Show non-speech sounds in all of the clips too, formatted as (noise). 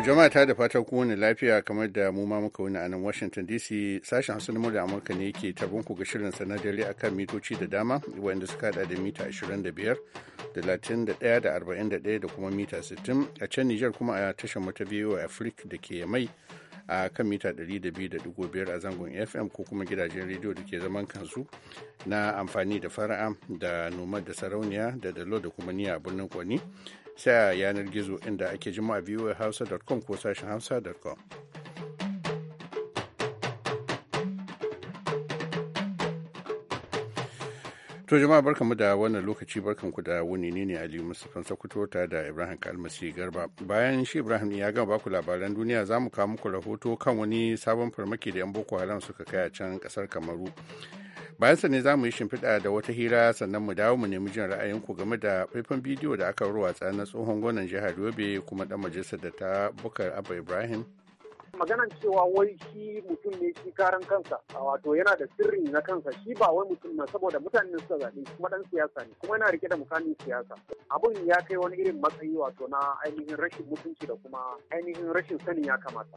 jama'a ta da fatan ku wani lafiya kamar da mu ma muka wani a nan Washington DC sashen Hausa da Amurka ne yake tabon ku ga shirin sa a kan akan mitoci da dama wanda suka hada da mita 25 da 31 da 41 da kuma mita 60 a can Niger kuma a tashar mata a Africa da ke mai a kan mita 200.5 a zangon FM ko kuma gidajen rediyo da ke zaman kansu na amfani da fara'a da noma da sarauniya da dalo da kuma niya a birnin Kwani ta yanar gizo inda ake jima a hausa.com ko sashen hausa.com. To jama'a mu da wannan lokaci barkan ku da wuni ne ne Ali Mustapha Sokoto ta da Ibrahim Kalmasi Garba. Bayan shi Ibrahim ya gama baku labaran duniya za mu kawo muku rahoto kan wani sabon farmaki da 'yan Boko Haram suka kai a can kasar Kamaru. bayan sa ne za mu yi shimfiɗa da wata hira sannan mu dawo mu nemi jin ra'ayinku game da faifan bidiyo da aka ruwa na tsohon gwanan jihar yobe kuma dan majalisar da ta bukar abba ibrahim maganan cewa wai shi mutum ne shi karan kansa a wato yana da sirri na kansa shi ba wai mutum na saboda mutanen suka zaɓe kuma dan siyasa ne kuma yana rike da mukamin siyasa abun ya kai wani irin matsayi wato na ainihin rashin mutunci da kuma ainihin rashin sanin ya kamata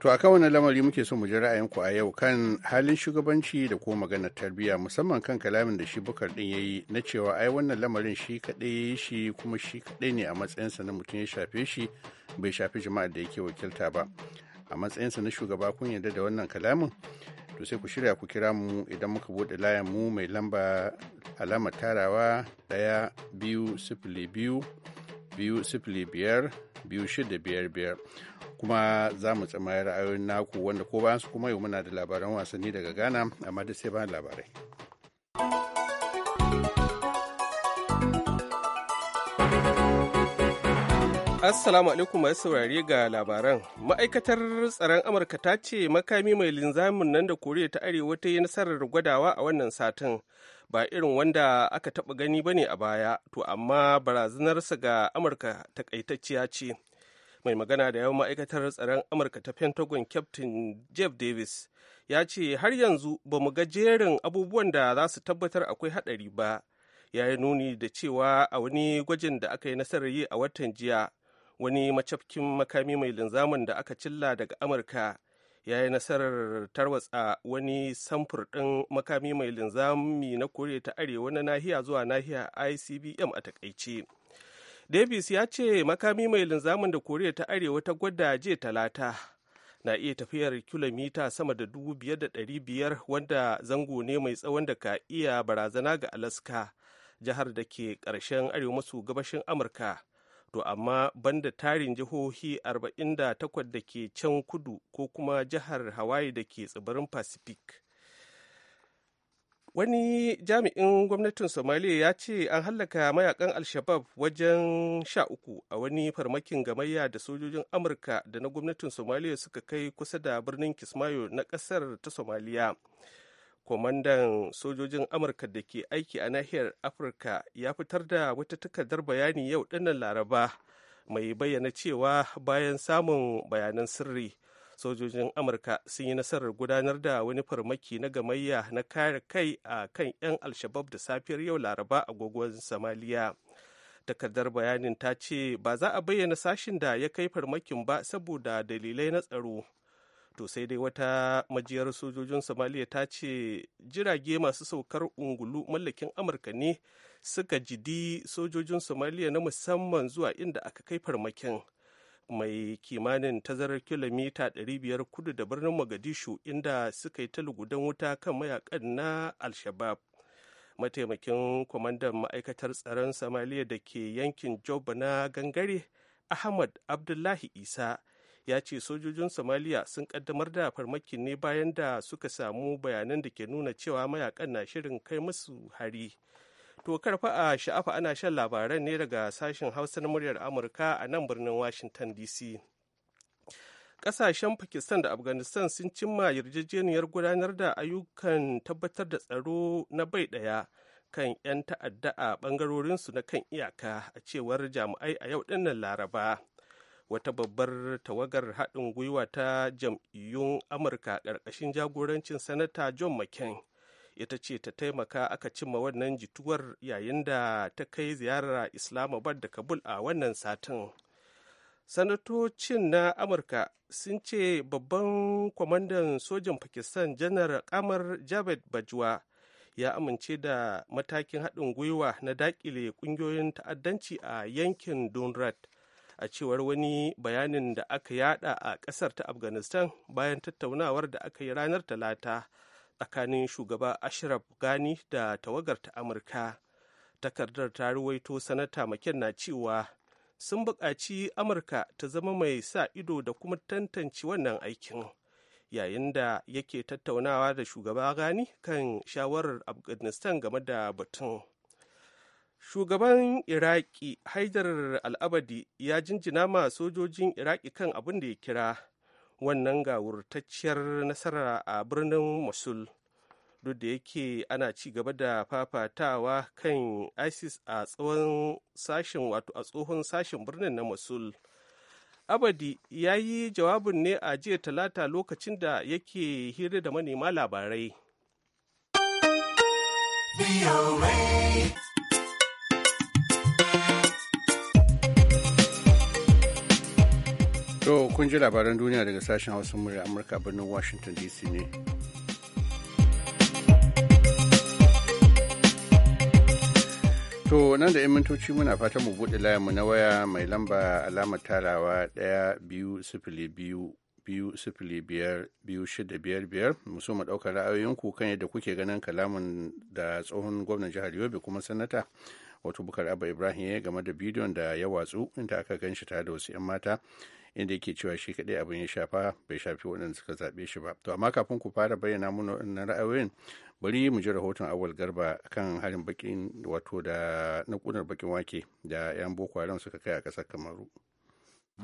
To a kan lamari muke so mu ji ra'ayinku a yau kan halin shugabanci da kuma maganar tarbiyya musamman kan kalamin da shi bukar din yayi na cewa ai wannan lamarin shi kadai shi kuma shi kadai ne a matsayinsa na mutum ya shafe shi bai shafi jama'ar da yake wakilta ba. A matsayinsa na shugaba kun yarda da wannan kalamin to sai ku shirya ku kira mu idan muka buɗe layan mu mai lamba alamar tarawa ɗaya biyu sifili biyu biyu sifili biyar biyu shida kuma za mu tsamaya ra'ayoyin naku wanda ko bayan su kuma yau muna da labaran wasanni daga ghana amma da sai bayan labarai Assalamu alaikum masu saurare ga labaran. Ma'aikatar tsaron Amurka ta ce makami mai linzamin nan da Koriya ta Arewa ta yi nasarar gwadawa a wannan satin. ba irin wanda aka taɓa gani ba ne a baya to amma barazanarsa ga amurka takaitacciya ce mai magana da yawan ma'aikatar tsaron amurka ta pentagon captain jeff davis ya ce har yanzu ba mu ga jerin abubuwan da za su tabbatar akwai haɗari ba ya yi nuni da cewa a wani gwajin da aka yi nasarar yi a watan jiya wani macafkin makami mai linzamin da aka cilla daga amurka ya yi nasarar tarwatsa wani samfur ɗin makami mai linzami na koriya ta arewa na nahiya zuwa nahiya icbm a takaice davis ya ce makami mai linzamin da koriya ta arewa ta gwada jiya talata na iya tafiyar kilomita sama da biyar wanda zango ne mai tsawon da ka iya barazana ga alaska jihar da ke ƙarshen arewa maso gabashin amurka to amma banda tarin jihohi 48 da ke can kudu ko kuma jihar hawaii da ke tsibirin pacific wani jami'in gwamnatin somaliya ya ce an hallaka mayakan al-shabab wajen sha uku a wani farmakin gamayya da sojojin amurka da na gwamnatin somaliya suka kai kusa da birnin kismayo na kasar ta somaliya kwamandan sojojin amurka da ke aiki a nahiyar afirka ya fitar da wata takardar bayani yau dinnan laraba mai bayyana cewa bayan samun bayanan sirri sojojin amurka sun yi nasarar gudanar da wani farmaki na gamayya na kare kai a kan 'yan alshabab da safiyar yau laraba a agogon samaliya takardar bayanin ta ce ba za a bayyana sashin da ya kai farmakin ba saboda dalilai na tsaro to sai dai wata majiyar sojojin somaliya ta ce jirage masu saukar ungulu mallakin amurka ne suka jidi sojojin somaliya na musamman zuwa inda aka kai farmakin mai kimanin tazarar kilomita 500 kudu da birnin mogadishu inda suka yi ta lugudan wuta kan mayakan na alshabab mataimakin kwamandan ma'aikatar tsaron samaliya da ke yankin job na gangare ahmad abdullahi isa ya ce sojojin somaliya sun kaddamar da farmakin ne bayan da suka samu bayanan da ke nuna cewa mayakan na shirin kai musu hari to karfa a sha'afa ana shan labaran ne daga sashen hausa na muryar amurka a nan birnin washington dc kasashen pakistan da afghanistan sun cimma yarjejeniyar gudanar da ayyukan tabbatar da tsaro na bai ɗaya kan 'yan ta'adda a bangarorinsu na kan iyaka a cewar jami'ai a yau dinnan laraba wata babbar tawagar haɗin gwiwa ta jam'iyyun amurka ƙarƙashin jagorancin sanata john mccain ita ce ta taimaka aka cimma wannan jituwar yayin da ta kai ziyarar islamabad da kabul a wannan satin sanatocin na amurka sun ce babban kwamandan sojan pakistan janar kamar javed bajwa ya amince da matakin haɗin gwiwa na daƙile ƙungiyoyin ta'addanci a yankin donrat a cewar wani bayanin da aka yada a ƙasar ta afghanistan bayan tattaunawar da aka yi ranar talata tsakanin shugaba ashraf Ghani da tawagar ta amurka takardar ta ruwaito sanata maken na cewa sun buƙaci amurka ta zama mai sa ido da kuma tantance wannan aikin yayin da yake tattaunawa da shugaba gani kan shawarar afghanistan game da batun shugaban iraki haidar al'abadi ya jinjina ma sojojin iraki kan abin da ya kira wannan gawurtacciyar nasara a birnin mosul duk da yake ana ci gaba da fafatawa kan isis a tsawon sashen wato a tsohon sashen birnin na mosul abadi ya yi jawabin ne a jiya talata lokacin da yake hira da manema labarai To kun ji labaran duniya daga sashen Hausa murya Amurka birnin Washington DC ne. To nan da 'yan mintoci muna fatan mu buɗe layinmu na waya mai lamba alamar tarawa ɗaya biyu sifili biyu biyu sifili biyar biyu shida biyar biyar musu mu ɗaukar ra'ayoyinku kan yadda kuke ganin kalamin da tsohon gwamnan jihar Yobe kuma sanata wato bukar abba ibrahim ya game da bidiyon da ya watsu inda aka gan shi tare da wasu 'yan mata inda yake cewa shi kaɗai abin ya shafa bai shafi waɗanda suka zaɓe shi ba to amma kafin ku fara bayyana mana na ra'ayoyin bari mu ji rahoton awal garba kan harin bakin wato da na kunar bakin wake da yan boko haram suka kai a ƙasar kamaru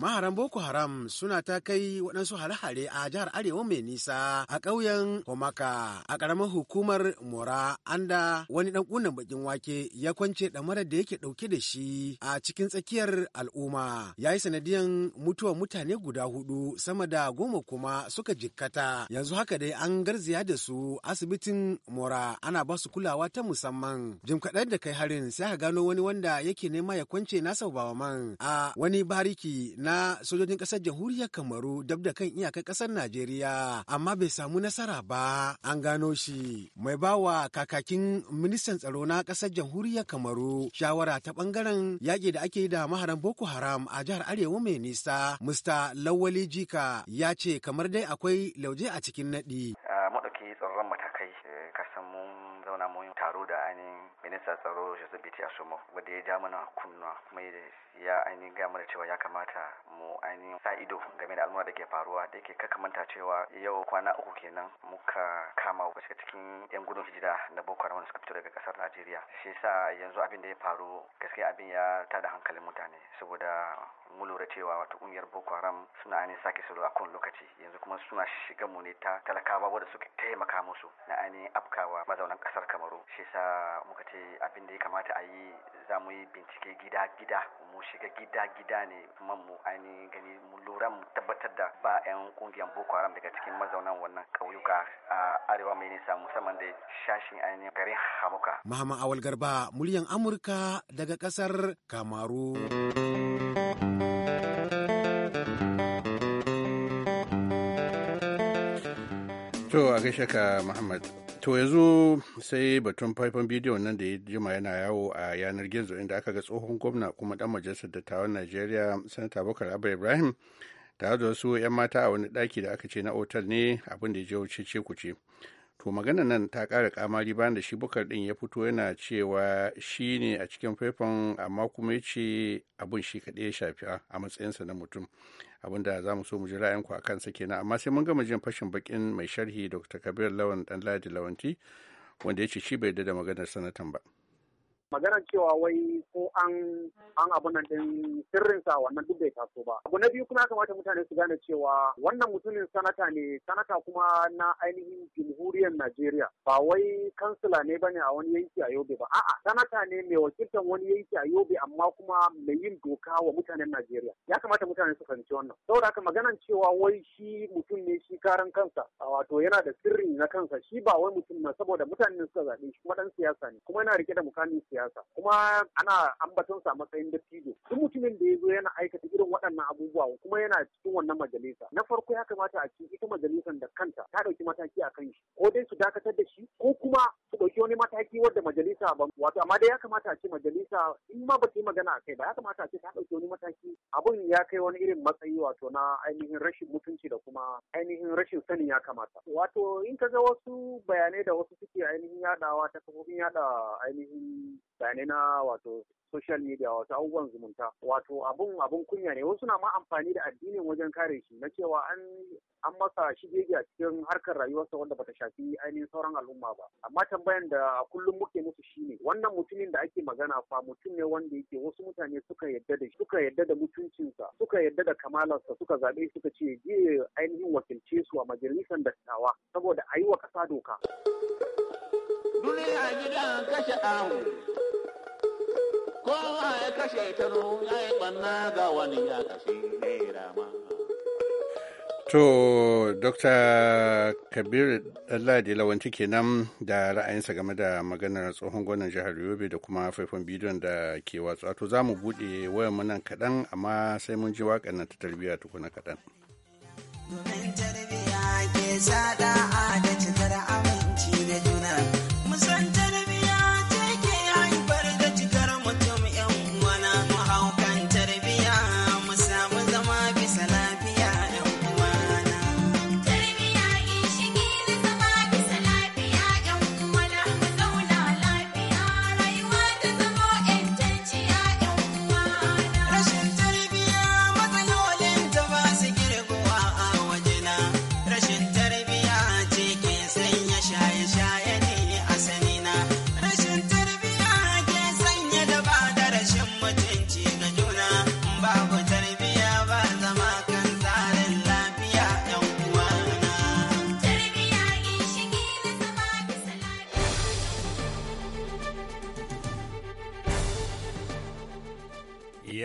maharan boko haram suna ta kai waɗansu hare-hare a jihar arewa mai nisa a ƙauyen komaka a ƙaramin hukumar mora anda wani ɗan ƙunan bakin wake ya kwance ɗamara da yake ɗauke da shi a cikin tsakiyar al'umma ya yi sanadiyan mutuwar mutane guda hudu sama da goma kuma suka jikkata yanzu haka dai an garziya da su asibitin mora ana ba su kulawa ta musamman jim kaɗan da kai harin sai ka gano wani wanda yake nema ya kwance nasa bawa man a wani bariki na sojojin ƙasar jamhuriyar Kamaru dab da kan iyakar ƙasar Najeriya amma bai samu nasara ba an gano shi. Mai bawa kakakin ministan tsaro na ƙasar jamhuriyar Kamaru shawara ta ɓangaren yaƙi da ake yi da maharan Boko Haram a jihar Arewa mai nisa Mr. Lawali Jika ya ce kamar dai akwai lauje a cikin naɗi. Ah, mu zauna mun taro da ainihin minista tsaro Joseph Bitti Asomo wanda ya ja mana kunnuwa kuma ya ainihin gaya mana cewa ya kamata mu ainihin sa ido game da al'amura da ke faruwa da yake kakamanta cewa yau kwana uku kenan muka kama wasu cikin yan gudun hijira na Boko Haram suka fito daga kasar Najeriya shi yasa yanzu abin da ya faru gaskiya abin ya tada hankalin mutane saboda mu lura cewa wato kungiyar Boko Haram suna ainihin sake salo a kowane lokaci yanzu kuma suna shiga mu ne ta talakawa wadda suka taimaka musu na ainihin afkawa mazaunan kasar kasar kamaru shi sa muka ce abin da ya kamata a yi za mu yi bincike gida gida mu shiga gida gida ne man mu ainihin gani mu lura mu tabbatar da ba 'yan kungiyar boko haram daga cikin mazaunan wannan ƙauyuka a arewa mai nisa musamman da shashin ainihin garin hamuka mahama awal garba muryan amurka daga ƙasar kamaru To a gaishe ka Muhammad to yanzu sai batun faifan bidiyon nan da ya jima yana yawo a yanar gizo inda aka ga tsohon gwamna kuma dan majalisar dattawan najeriya sanata bakar abu ibrahim tare da wasu 'yan mata a wani daki da aka ce na otal ne abin da ya je wuce ce kuce to magana nan ta ƙara kamari bayan da shi bukar ɗin ya fito yana cewa shi ne a cikin faifan amma kuma ya ce abin shi kaɗai ya shafi a matsayinsa na mutum abin da za mu so mu ji ra'ayinku a kansa kenan amma sai mun gama jin fashin bakin mai sharhi dr kabir lawan ladi lawanti wanda ya ce shi bai da maganar sanatan ba. maganar cewa wai ko an an abu nan din sirrin sa wannan duk bai taso ba abu na biyu kuma kamata mutane su gane cewa wannan mutumin sanata ne sanata kuma na ainihin jamhuriyar Najeriya ba wai kansila ne bane a wani yanki a Yobe ba a'a sanata ne mai wakiltar wani yanki a Yobe amma kuma mai yin doka wa mutanen Najeriya ya kamata mutane su fahimci wannan saboda haka maganar cewa wai shi mutum ne shi karan kansa wato yana da sirri na kansa shi ba wai mutum na saboda mutanen suka zaɓe shi kuma dan siyasa ne kuma yana rike da mukamin siyasa siyasa kuma ana ambaton sa matsayin dattijo duk mutumin da ya zo yana aikata irin waɗannan abubuwa kuma yana cikin wannan majalisa na farko ya kamata a cikin ita majalisan da kanta ta ɗauki mataki a kan shi ko dai su dakatar da shi ko kuma su ɗauki wani mataki wadda majalisa ba wato amma dai ya kamata a ce majalisa in ma ba ta yi magana a kai ba ya kamata a ce ta ɗauki wani mataki abun ya kai wani irin matsayi wato na ainihin rashin mutunci da kuma ainihin rashin sanin ya kamata wato in ka ga wasu bayanai da wasu suke ainihin yadawa ta kafofin yada ainihin bayanai na wato social media wato abubuwan zumunta wato abun abun kunya ne wasu na ma amfani da addinin wajen kare shi na cewa an an masa shige a cikin harkar rayuwarsa wanda bata shafi ainihin sauran al'umma ba amma tambayan da kullum muke musu shine wannan mutumin da ake magana fa mutum ne wanda yake wasu mutane suka yadda da shi suka yadda da mutuncinsa suka yadda da kamalarsa suka zabe suka ce je ainihin wakilce su a majalisar dattawa saboda a yi wa ƙasa doka. a gidan kashe ahu kowa ya kashe tanu ya yi ɓanna ga wani ya kashe rama To, Dr. Kabir Ladi Lawanci kenan da ra'ayinsa game da maganar tsohon gwanan jihar Yobe da kuma faifan bidiyon da ke watsa. To, za mu buɗe wayan munan kaɗan, amma sai mun ji waƙar na ta tarbiyya tukuna kaɗan. Domin tarbiyya ke zaɗa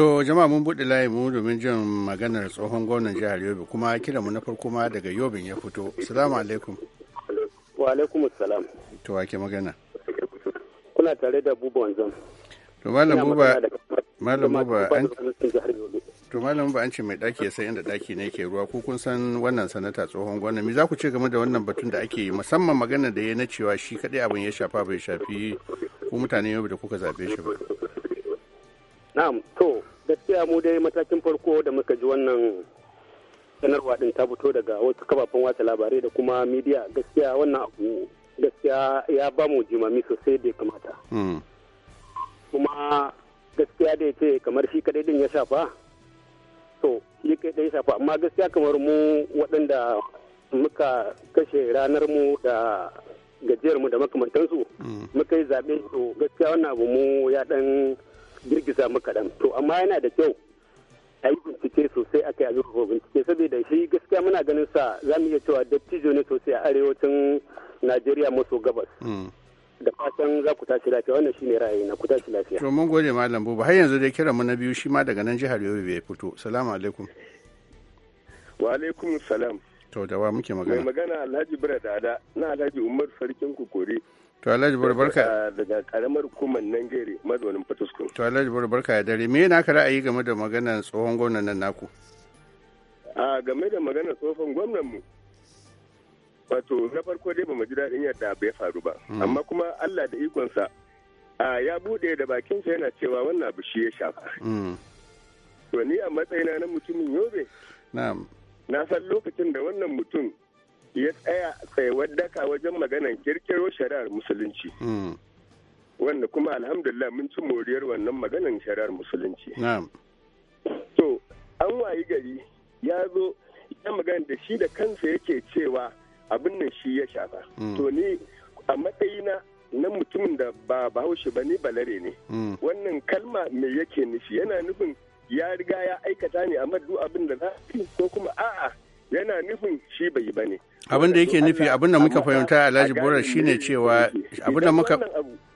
To jama'a mun buɗe layi mu domin jin maganar tsohon gwamnan jihar Yobe kuma kira mu na farko ma daga Yobe ya fito. Assalamu alaikum. Wa alaikum assalam. To wake magana. Kuna tare da Buba Wanzan. To malam Buba malam Buba an To malam Buba an ce mai daki ya san inda daki ne yake ruwa ko kun san wannan sanata tsohon gwamnan me za ku ce game da wannan batun da ake yi musamman magana da ya na cewa shi kadai abin ya shafa bai shafi ku mutane Yobe da kuka zabe shi ba. Na'am to gaskiya mu dai matakin farko da muka ji wannan sanarwa din ta fito daga wasu kafafen watsa labarai da kuma midiya gaskiya wannan abu gaskiya ya ba mu jimami sosai da ya kamata hmm. kuma gaskiya da ya ce kamar shi kadai din ya shafa to shi da ya shafa amma gaskiya kamar mu waɗanda muka kashe ranar mu da gajiyar mu da makamantansu hmm. muka yi zaɓe to gaskiya wannan abu mu ya ɗan girgiza mu kaɗan to amma yana da kyau a yi bincike sosai a kai a zurfafa bincike saboda shi gaskiya muna ganin sa za mu iya cewa dattijo ne sosai a arewacin najeriya maso gabas hmm. da fatan za ku tashi lafiya wannan shine ra'ayi na ku tashi lafiya to mun gode malam bubu har yanzu dai kira mu na biyu shi ma daga nan jihar yobe bai fito salamu alaikum wa alaikum salam to da wa muke magana mai magana alhaji bura dada na alhaji umar sarkin kukore To Alhaji Bura barka. Ah, daga karamar hukumar Nangere mazaunin Fataskun. To Alhaji barka ya dare. Me naka ra'ayi game da maganar tsohon gwamnan nan naku? A ah, game da maganar tsohon gwamnan mu. Wato na farko dai bamu ji daɗin yadda abu ya faru ba. Hmm. Amma kuma Allah da ikonsa ah, ya buɗe da bakinsa yana cewa wannan abu shi ya shafa. Hmm. To ni a matsayina na mutumin yobe. Na'am. Na san lokacin da wannan mutum ya tsaya tsayawar daka wajen maganar kirkiro shari'ar musulunci hmm. wanda kuma alhamdulillah mun ci moriyar wannan maganan shari'ar musulunci to an wayi gari ya zo ya magana da shi da kansa yake cewa abin nan shi ya shafa hmm. to ni a matsayina na mutumin da ba bahaushe ba ni balare ne hmm. wannan kalma me yake nufi yana nufin ya riga ya aikata ne a duk abin da za ko kuma a'a yana nufin shi bai yi bane Abin da yake nufi abin da muka fahimta Alhaji Bora shine cewa abin da muka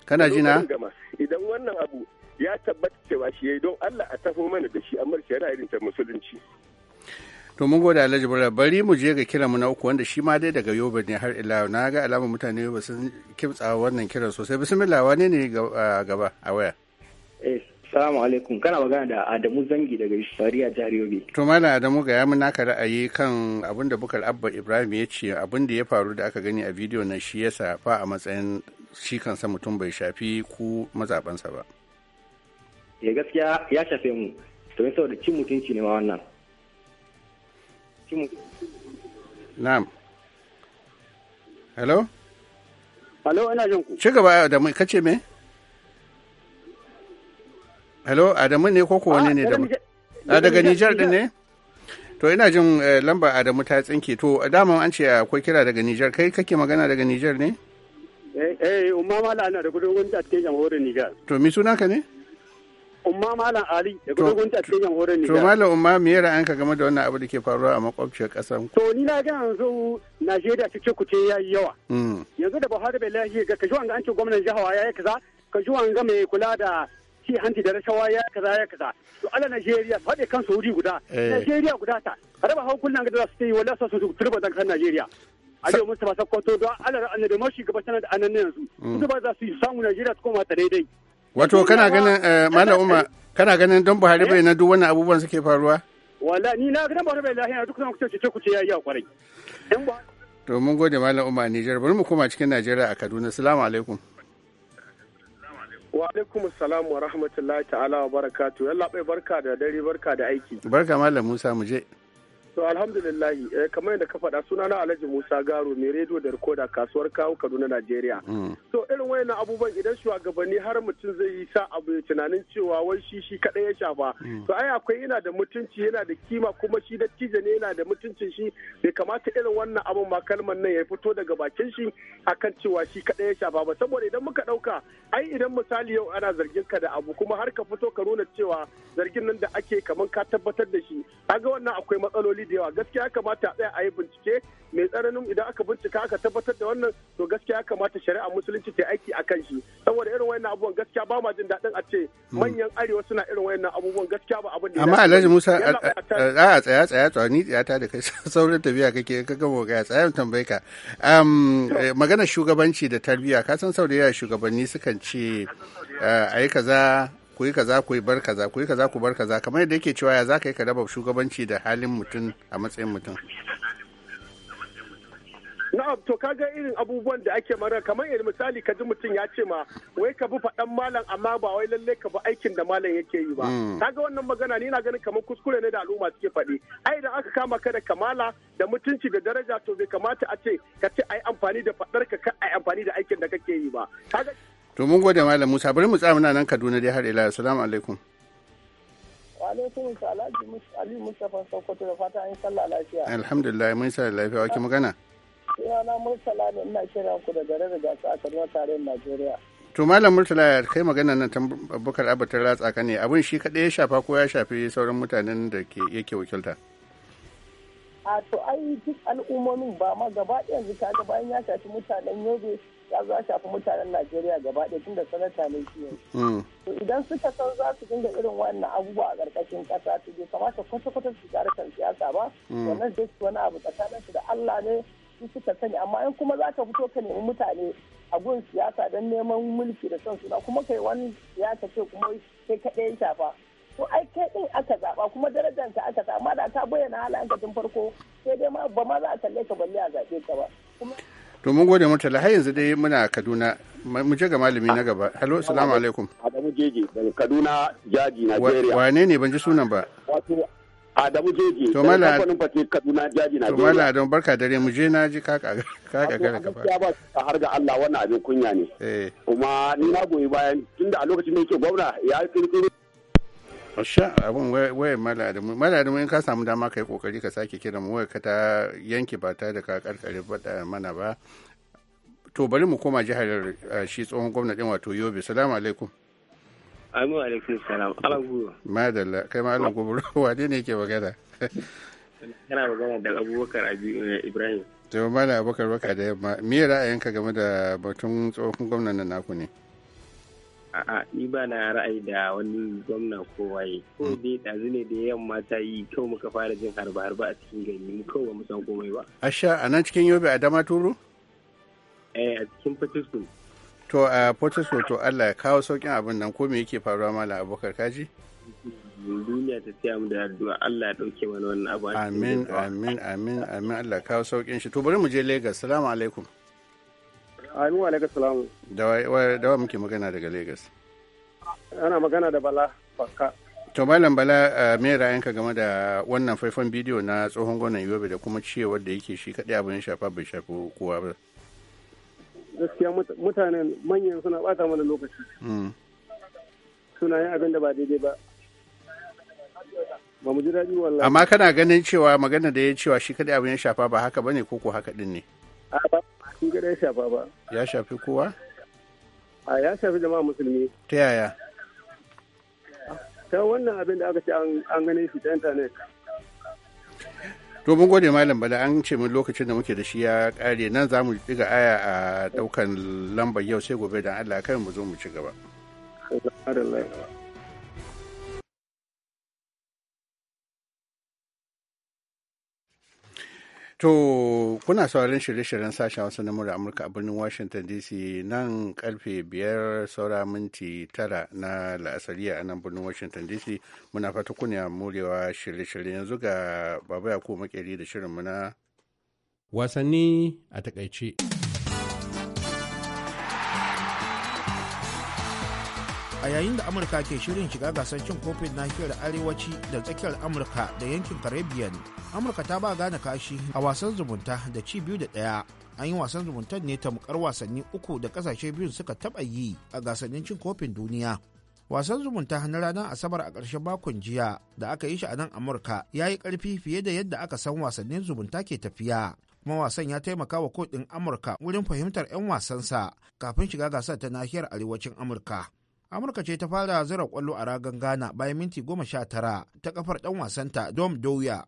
kana jina? Idan wannan abu ya tabbata cewa shi yayi don Allah a tafo mana da shi amma shari'a irin ta musulunci. To mun gode Alhaji Bora bari mu je ga kiran mu na uku wanda shi ma dai daga Yobe ne har ila na ga alamar mutane ba sun kimtsa wannan kiran sosai bismillah wane ne ah, gaba a waya? Eh Salamu alaikum kana magana da Adamu Zangi daga Sariya jihar Yobe. To da Adamu ga yamin naka ra'ayi kan abin da Bukar Abba Ibrahim ya ce abin da ya faru da aka gani a bidiyo na shi ya fa a matsayin shi kansa mutum bai shafi ku mazabansa ba. Ya eh, gaskiya ya shafe mu domin saboda cin mutunci ne ma wannan. Na'am. Hello? Hello ina jin ku. Ci gaba adamu ka ce me? Hello, Adamu ne ko ah, wani ne da A daga Nijar ah, din ne? To ina jin eh, lamba Adamu ta tsinke to dama an ce akwai kira daga Nijar kai kake magana daga Nijar ne? Eh, eh umma mala ana da gudogon a cikin jamhuriyar Nijar. To mi suna ka ne? Umma mala Ali da gudogon a cikin jamhuriyar Nijar. To mala umma me yara an ka game da wannan abu da ke faruwa a makwabciyar ƙasar? To ni na ga yanzu Najeriya cike kuce yayi yawa. Mm. Yanzu da Buhari bai lafiya ga kaji an ce gwamnan jihawa yayi kaza kaji an ga mai kula da ci hanti da rashawa ya kaza ya kaza to ala Najeriya faɗe kan wuri guda eh. Najeriya guda ta raba ga da su yi wala su su turba da kan Najeriya a Aliyu Mustapha Sokoto don Allah da da mashi gaba sanar da annan yanzu mm. su ba za su yi samu Najeriya su koma ta daidai wato kana ganin eh, malam Umar kana ganin don Buhari bai eh? na duk wannan abubuwan suke faruwa wala ni na ganin Buhari bai lahiya duk sun kuce kuce kuce yayi a kwarai to mun gode malam Umar Nijar bari mu koma cikin Najeriya a Kaduna assalamu alaikum Wa alaikum salam wa rahmatullahi ta'ala wa barakatu. Yalla barka da dare barka da aiki. Barka Malam Musa mu je. To alhamdulillah eh, kamar yadda ka faɗa suna na Alhaji Musa Garo mai rediyo da rikoda kasuwar kawo Kaduna Najeriya. Mm. To irin wayannan abubuwan idan shugabanni har mutum zai yi sa abu ya tunanin cewa wai shi shi kaɗai ya shafa. Mm. To ai akwai yana da mutunci yana da kima kuma shi dattijo ne yana da mutuncin shi bai kamata irin wannan abun ma kalmar nan ya fito daga bakin shi akan cewa shi kaɗai ya shafa ba saboda idan muka ɗauka ai idan misali yau ana zargin ka da abu kuma har ka fito ka nuna cewa zargin nan da ake kamar ka tabbatar da shi. Kaga wannan akwai matsaloli dalili da yawa gaskiya kamata a tsaya a yi bincike mai tsananin idan aka bincika aka tabbatar da wannan to gaskiya kamata shari'a musulunci ta aiki a kan shi saboda irin wayannan abubuwan gaskiya ba ma jin daɗin a ce hmm. manyan arewa suna irin wayannan abubuwan gaskiya ba abin da amma alhaji musa a tsaya tsaya tsaya ni ta da kai (laughs) sauran tafiya kake ka gama ga tsaya tambaye ka um, eh, magana shugabanci da tarbiyya ka san sau da yawa shugabanni sukan ce eh, a yi kaza ku yi kaza ku yi bar kaza ku yi kaza ku bar kaza kamar yadda yake cewa ya za ka yi ka raba shugabanci da halin mutum a matsayin mutum na'am to kaga irin abubuwan da ake mara kamar yadda misali ka ji mutum ya ce ma wai ka bi faɗan malam amma ba wai lallai ka bi aikin da malam yake yi ba hmm. kaga wannan magana ni na ganin kamar kuskure ne da al'umma suke faɗi ai idan aka kama ka da kamala da mutunci da daraja to bai kamata a ce ka ce ai amfani da faɗar ka ai amfani da aikin da kake yi ba kaga to mun gode malam musa bari mu tsamuna nan kaduna dai har ila assalamu alaikum wa alaikum ali mustafa sokoto da fata an sallah lafiya alhamdulillah mun sa lafiya ki magana na murtala ne ina shirin ku da gare da gasa a kaduna tarayyar najeriya to malam murtala ya kai magana nan ta bukar abatar ratsa ka ne abin shi kaɗai ya shafa ko ya shafi sauran mutanen da ke yake wakilta a to ai duk al'ummomin ba ma gaba ɗaya yanzu kaga bayan ya shafi mutanen yobe ya za shafi mutanen Najeriya gaba ɗaya tun da sanata ne shi yanzu. Mm. To idan suka san za su dinga irin wannan abubuwa a ƙarƙashin ƙasa su bai kamata kwata-kwata su shiga kan siyasa ba. Mm. Wannan dai wani abu tsakanin su da Allah ne su suka sani amma in kuma za ka fito ka nemi mutane a gun siyasa don neman mulki da son suna kuma kai wani siyasa ce kuma kai kaɗai shafa. to ai kai ɗin aka zaba kuma darajar ta aka amma da ta bayyana halayen ka tun farko sai dai ma ba ma za a kalle ka balle a zabe ka ba. to mun gode mata har yanzu dai muna kaduna mu je ga malami na gaba hello assalamu alaikum adamu jeje daga kaduna jaji nigeria wane ne ban ji sunan ba wato adamu jeje to mala kaduna jaji nigeria to mala don barka dare mu je na ji ka ka ka gara gaba ya ba har ga Allah wannan abin kunya ne eh. kuma ni na goyi bayan tunda a lokacin da yake gwamna ya yi kirkiro Sha abun waya mala da mala da in ka samu dama kai kokari ka sake kira mu waya ka ta yanke ba ta da ka karkare bada mana ba. To bari mu koma jihar shi tsohon din wato Yobe. Salamu alaikum. Amin alaikum salam. Alan Madalla kai ma Alan Gubro (laughs) wane ne yake magana? (laughs) Kana magana da Abubakar Ibrahim. To mala Abubakar baka da yamma. Me ra'ayinka game da batun tsohon gwamnan naku ne? A'a, ni ba na ra'ayi da wani gwamna ko waye. Ko hmm. dai ɗazu ne da yamma ta yi kawai muka fara jin harba-harba a cikin gari mu kawai ba mu san komai ba. Asha, a nan cikin Yobe a Dama Turu? Eh, a cikin Fatisku. To a Fatisku to Allah ya kawo sauƙin abin nan ko me yake faruwa malam abokar kaji? duniya ta tsaya mu da addu'a Allah ya dauke mana wannan abu. Amin, amin, amin, amin Allah kawo sauƙin shi. To bari mu je Lagos. Salamu alaikum. Amin wa alaikum salamu. Da wa muke magana daga Legas. Ana magana da Bala Faka. To Malam Bala uh, me ra'ayinka game da wannan faifan bidiyo na tsohon gwamnan Yobe da kuma ciye da yake shi kaɗai abin shafa bai shafi kowa ba. Gaskiya mutanen manyan suna bata mana lokaci. Hmm. Suna yin abin da ba daidai ba. Ba mu ji daɗi wallahi. Amma kana ganin cewa magana da ya cewa shi kaɗai abin shafa ba haka bane ko ko haka ɗin ne? A'a ba kun ga ya shafa ba ya shafi kowa a ya shafi jama'a musulmi ta yaya ta wannan abin da aka ce an gane shi ta intanet to mun gode malam bala an ce min lokacin da muke da shi ya kare nan za mu diga aya a daukan lambar yau sai gobe da allah kai mu zo mu ci gaba. To kuna sauran shirye-shiryen sashen Hausa na mura Amurka a birnin Washington DC nan karfe biyar saura minti tara na la'asariya a nan birnin Washington DC muna fata kuna murewa shirye shiryen yanzu ga babu ya ko makeri da shirinmu na wasanni a takaice. a yayin da amurka ke shirin shiga gasar cin kofin nahiyar arewaci da tsakiyar amurka da yankin caribbean amurka ta ba gane kashi a wasan zumunta da ci biyu da ɗaya an yi wasan zumuntar ne ta mukar wasanni uku da kasashe biyun suka taɓa yi a gasannin cin kofin duniya wasan zumunta na ranar asabar a ƙarshen makon jiya da aka yi shi a nan amurka ya yi ƙarfi fiye da yadda aka san wasannin zumunta ke tafiya kuma wasan ya taimaka wa kodin amurka wurin fahimtar 'yan wasansa kafin shiga gasar ta nahiyar arewacin amurka amurka ce ta fara zira kwallo a ragan ghana bayan minti goma sha tara ta kafar dan wasanta dom doya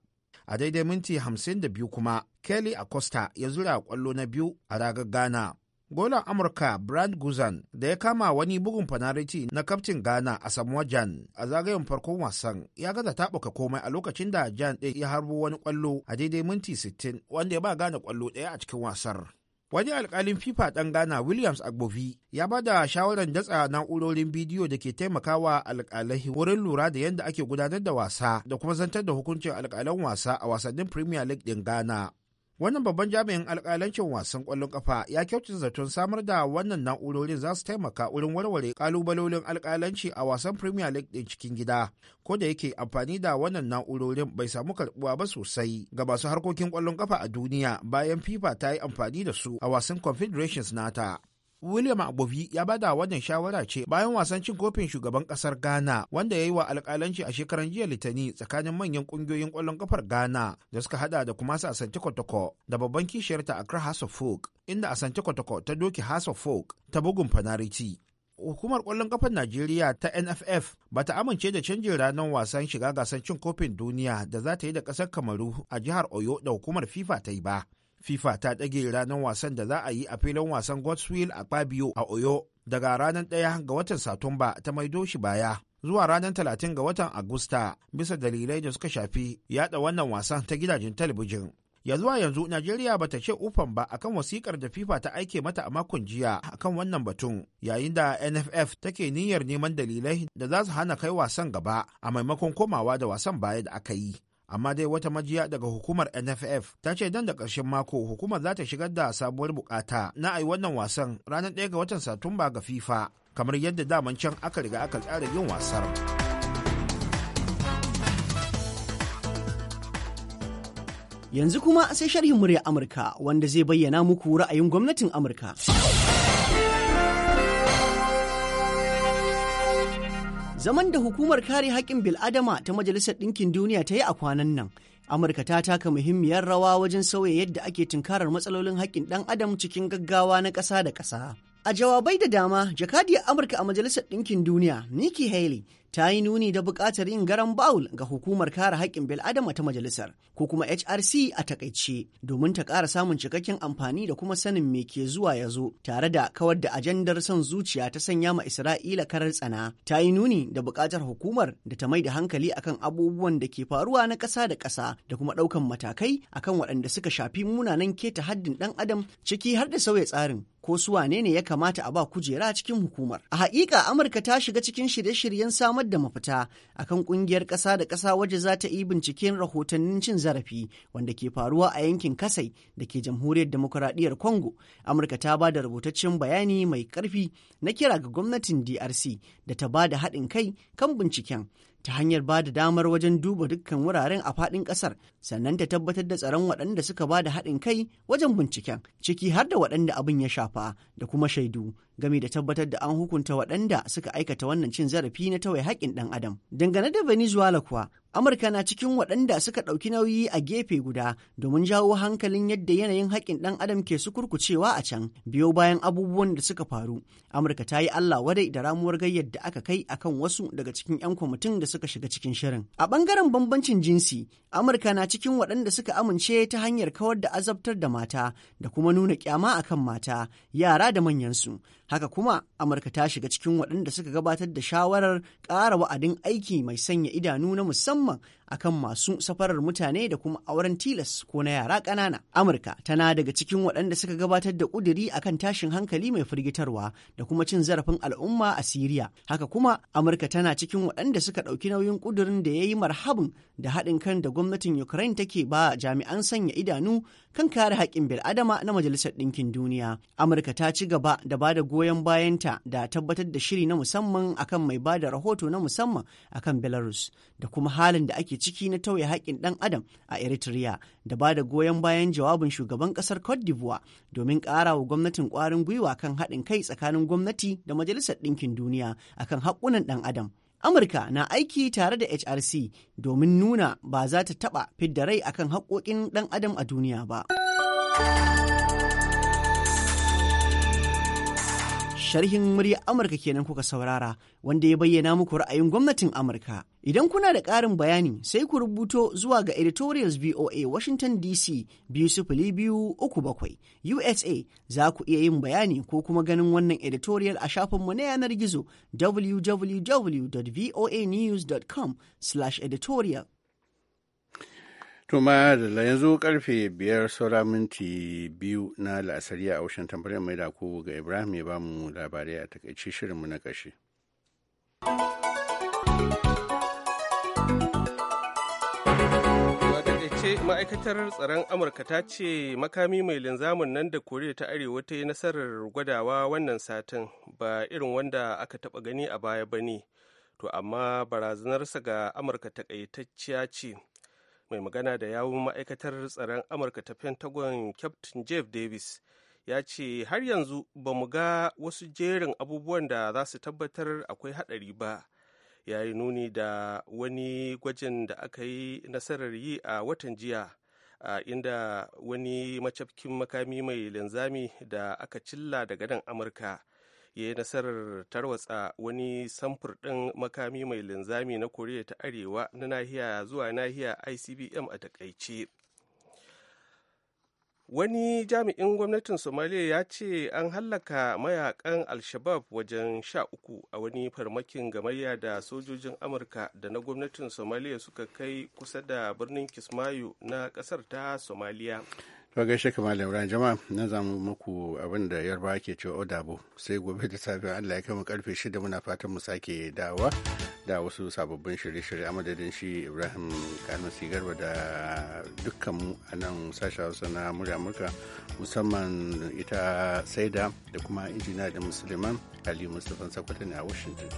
a daidai minti hamsin da biyu kuma kelly acosta ya zura kwallo na biyu a ragan ghana golan amurka brand guzan da ya kama wani bugun fanariti na kaftin ghana a samuwa jan a zagayen farkon wasan ya gaza taɓuka komai a lokacin da jan ɗin ya harbo wani kwallo a daidai minti 60 wanda ya ba gane kwallo ɗaya a cikin wasar Wani alkalin FIFA ɗan Ghana Williams agbovi ya ba da shawarar datsa na'urorin bidiyo da ke taimakawa alkalai wurin lura da yadda ake gudanar da wasa da kuma zantar da hukuncin alkalan wasa a wasannin Premier League ɗin Ghana. wannan babban jami'in alkalancin wasan ƙwallon kafa ya kyautata zaton samar da wannan na'urorin za su taimaka wurin warware kalubalolin alkalanci a wasan premier league din cikin gida ko da yake amfani da wannan na'urorin bai samu karbuwa ba sosai ga masu harkokin ƙwallon kafa a duniya bayan fifa ta yi amfani da su a wasan confederations nata William Agbofi ya bada wannan shawara ce bayan wasan cin kofin shugaban kasar Ghana wanda ya yi wa alƙalanci a shekaran jiya Litani tsakanin manyan ƙungiyoyin kwallon ƙafar Ghana da suka hada da kuma su Asante Kotoko da babban kishiyar ta Accra House of Folk inda Asante Kotoko ta doke House of Folk ta bugun fanariti. Hukumar kwallon ƙafar Najeriya ta NFF ba ta amince da canjin ranar wasan shiga gasar cin kofin duniya da za ta yi da ƙasar Kamaru a jihar Oyo da hukumar FIFA ta yi ba. FIFA ta ɗage ranar wasan da za a yi a filin wasan Godswill a Fabio a Oyo daga ranar ɗaya ga watan Satumba ta maido shi baya zuwa ranar 30 ga watan Agusta bisa dalilai da suka shafi yaɗa wannan wasan ta gidajen talabijin. Ya zuwa yanzu Najeriya ba ta ce ufan ba akan wasikar da FIFA ta aike mata a makon jiya akan wannan batun yayin da NFF take niyyar neman dalilai da za su hana kai wasan gaba a maimakon komawa da wasan baya da aka yi. amma dai wata majiya daga hukumar nff ta ce dan da ƙarshen mako hukumar za ta shigar da sabuwar bukata na a yi wannan wasan ranar 1 ga watan satumba ga fifa kamar yadda daman can aka riga aka tsara yin wasar yanzu kuma sai sharhin murya amurka wanda zai bayyana muku ra'ayin gwamnatin amurka Zaman da hukumar kare haƙƙin bil'adama ta Majalisar Ɗinkin Duniya ta yi a kwanan nan, Amurka ta taka muhimmiyar rawa wajen sauya yadda ake tunkarar matsalolin haƙƙin ɗan adam cikin gaggawa na ƙasa da ƙasa. A jawabai da dama, jakadiyar Amurka a Majalisar Ɗinkin Duniya, Nikki Haley, ta yi nuni da buƙatar yin garan Baul ga hukumar kare haƙƙin bil'adama ta majalisar ko kuma HRC a takaice domin ta ƙara samun cikakken amfani da kuma sanin me ke zuwa ya zo tare da kawar da ajandar son zuciya ta sanya ma Isra'ila karar tsana ta yi nuni da buƙatar hukumar da ta mai da hankali akan abubuwan da ke faruwa na ƙasa da ƙasa da kuma ɗaukan matakai akan waɗanda suka shafi munanan keta haddin ɗan adam ciki har da sauya tsarin ko su wane ne ya kamata a ba kujera cikin hukumar. A haƙiƙa Amurka ta shiga cikin shirye-shiryen samar da mafita akan ƙungiyar ƙasa da ƙasa waje za ta yi binciken rahotannin cin zarafi wanda ke faruwa a yankin Kasai da ke Jamhuriyar Demokuraɗiyyar Congo. Amurka ta ba da rubutaccen bayani mai ƙarfi na kira ga gwamnatin DRC da ta ba da haɗin kai kan binciken ta hanyar ba da damar wajen duba dukkan wuraren a faɗin ƙasar sannan ta tabbatar da tsaron waɗanda suka ba da haɗin kai wajen binciken ciki har da waɗanda abin ya shafa da kuma shaidu game da tabbatar da an hukunta waɗanda suka aikata wannan cin zarafi na tawai haƙƙin ɗan adam. Dangane da Venezuela kuwa, Amurka na cikin waɗanda suka ɗauki nauyi a gefe guda domin jawo hankalin yadda yanayin haƙƙin ɗan adam ke sukurkucewa a can biyo bayan abubuwan da suka faru. Amurka ta yi Allah wadai da ramuwar gayyar da aka kai akan wasu daga cikin 'yan kwamitin da suka shiga cikin shirin. A ɓangaren bambancin jinsi, Amurka na cikin waɗanda suka amince ta hanyar kawar da azabtar da mata da kuma nuna kyama akan mata, yara da manyansu. haka kuma amurka ta shiga cikin waɗanda suka gabatar da shawarar ƙara wa'adin aiki mai sanya idanu na musamman akan masu safarar mutane da kuma auren tilas ko na yara ƙanana. Amurka tana daga cikin waɗanda suka gabatar da ƙuduri akan tashin hankali mai firgitarwa da kuma cin zarafin al'umma a Siriya. Haka kuma Amurka tana cikin waɗanda suka ɗauki nauyin ƙudurin da ya yi marhabin da haɗin kan da gwamnatin Ukraine take ba jami'an sanya idanu kan kare haƙƙin bil'adama na Majalisar Ɗinkin Duniya. Amurka ta ci gaba da ba da goyon bayanta da tabbatar da shiri na musamman akan mai bada rahoto na musamman akan Belarus da kuma halin da ake ake ciki na tauye haƙƙin ɗan adam a Eritrea da ba da goyon bayan jawabin shugaban ƙasar Cote d'Ivoire domin ƙara wa gwamnatin ƙwarin gwiwa kan haɗin kai tsakanin gwamnati da Majalisar Ɗinkin Duniya akan haƙƙunan ɗan adam. Amurka na aiki tare da HRC domin nuna ba za ta taɓa fidda rai akan haƙƙoƙin ɗan adam a duniya ba. sharhin murya Amurka kenan kuka saurara wanda ya bayyana muku ra'ayin gwamnatin Amurka. Idan kuna da ƙarin bayani sai ku rubuto zuwa ga editorials VOA Washington DC biyu sifili biyu uku bakwai USA za ku iya yin bayani ko kuma ganin wannan editorial a shafinmu na yanar gizo www.voanews.com/editorial Tuma da yanzu karfe biyar saura minti biyu na la'asari a aushen tambayar mai da ga Ibrahim ya bamu labarai a takaice shirinmu na ƙarshe. ma'aikatar tsaron amurka ta ce makami mai linzamin nan da koriya ta arewa ta yi nasarar gwadawa wannan satin ba irin wanda aka taba gani a baya ba ne to amma barazanarsa ga amurka takaitacciya ce mai magana da yawun ma'aikatar tsaron amurka ta pentagon captain jeff davis ya ce har yanzu ba mu ga wasu jerin abubuwan da za su tabbatar akwai haɗari ba ya yi nuni da wani gwajin da aka yi nasarar yi a watan jiya a inda wani macafkin makami mai linzami da aka cilla daga nan amurka ya yi nasarar tarwatsa wani samfur ɗin makami mai linzami na koriya ta arewa na nahiya zuwa nahiya icbm a takaice wani jami'in gwamnatin somalia ya ce an hallaka mayakan al-shabab wajen sha uku a wani farmakin gamayya da sojojin amurka da na gwamnatin somaliya suka kai kusa da birnin kismayo na kasar ta somaliya to gaishe kamar laura jama'a na zamu muku abin da yarba ke cewa odabo sai gobe da safe allah ya kai mu karfe shida muna fatan mu sake dawa da wasu sababbin shirye-shirye a madadin shi ibrahim kalmasi garba da dukkanmu a nan sasha hausa na murya amurka musamman ita saida da kuma injiniya da musulman ali mustapha sakwata ne a washington